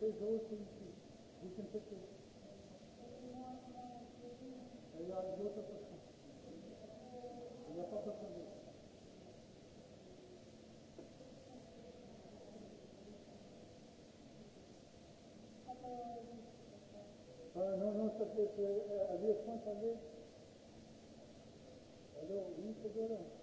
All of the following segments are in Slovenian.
take those things too. We can fix it. Uh, no, no, sir, please, uh, are you a friend from here? Hello, you need to go there?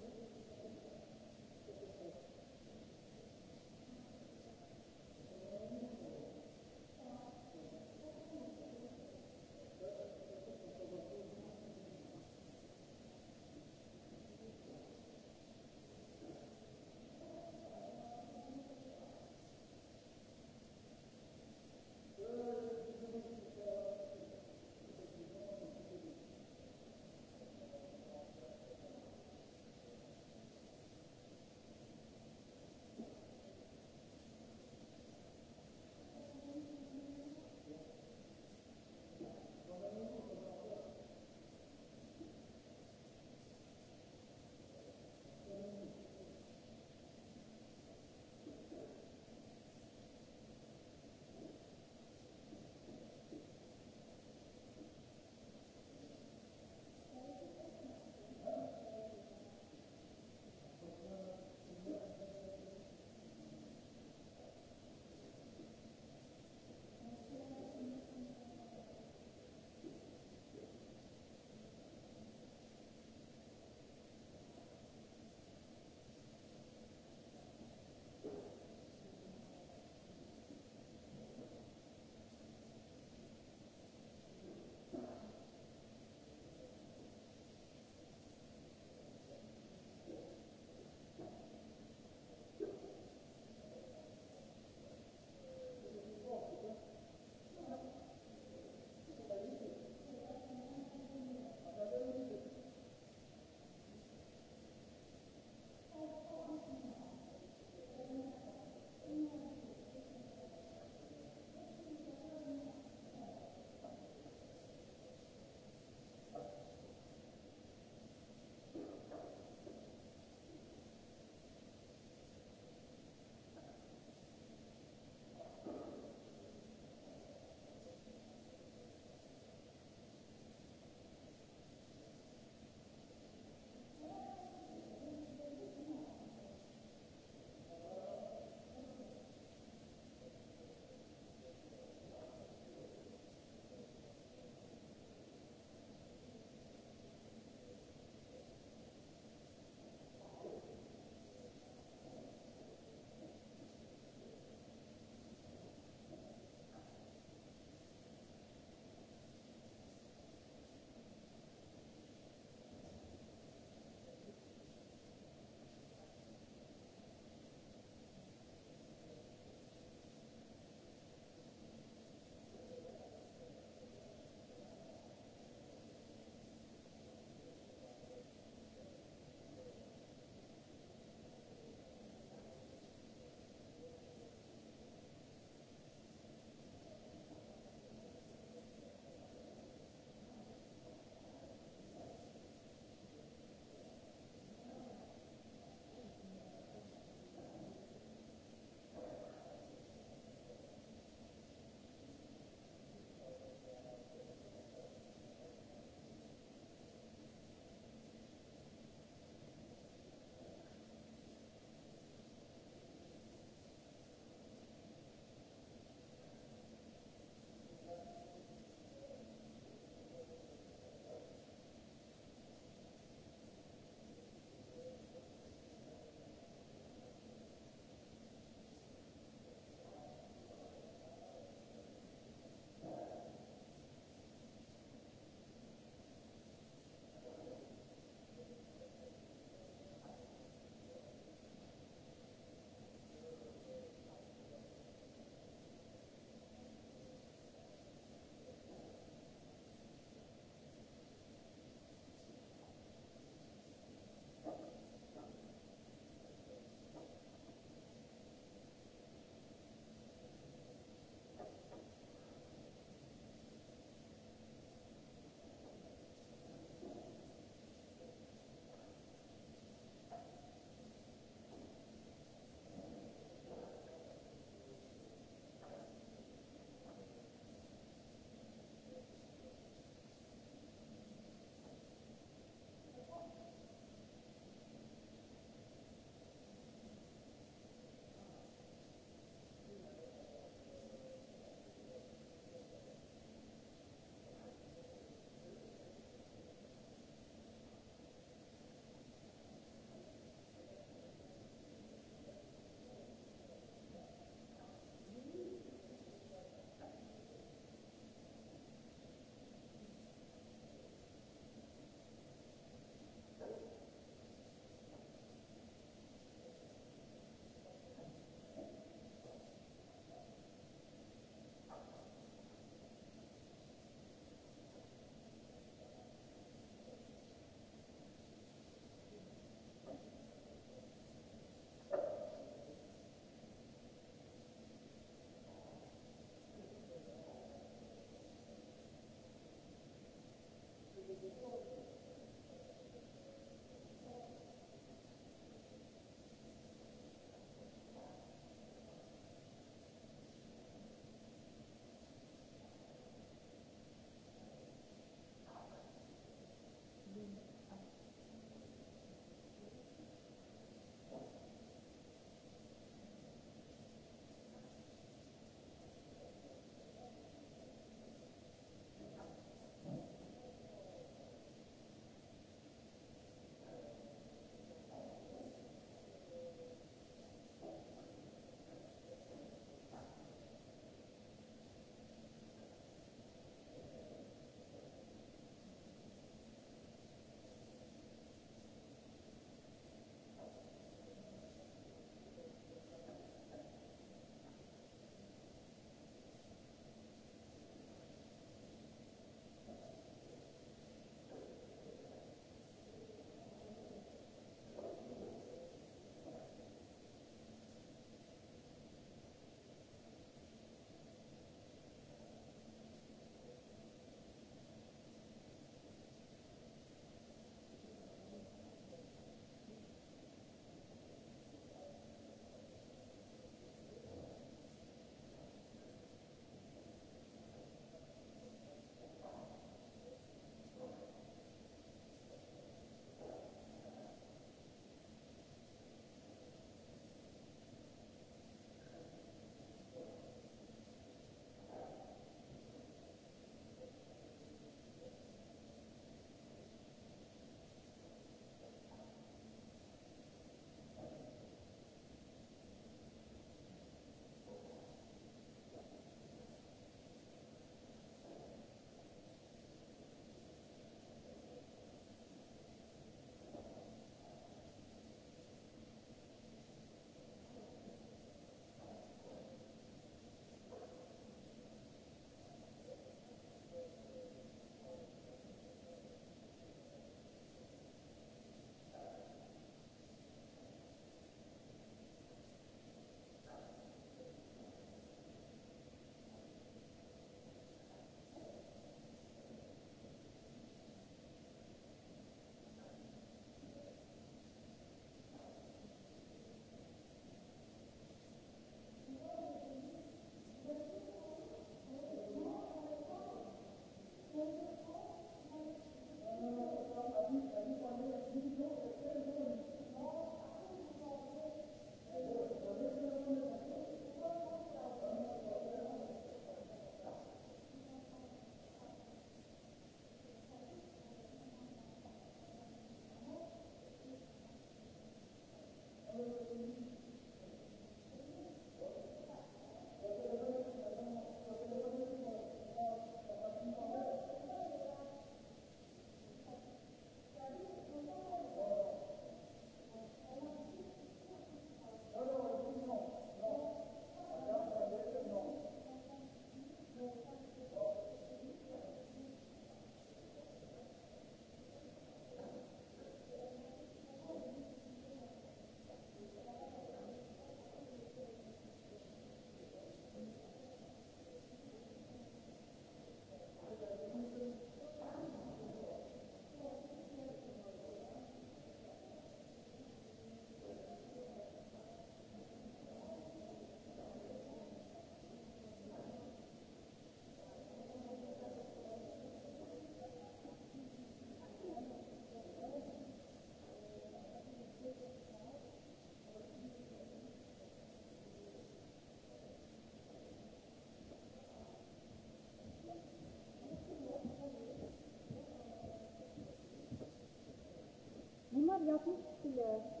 je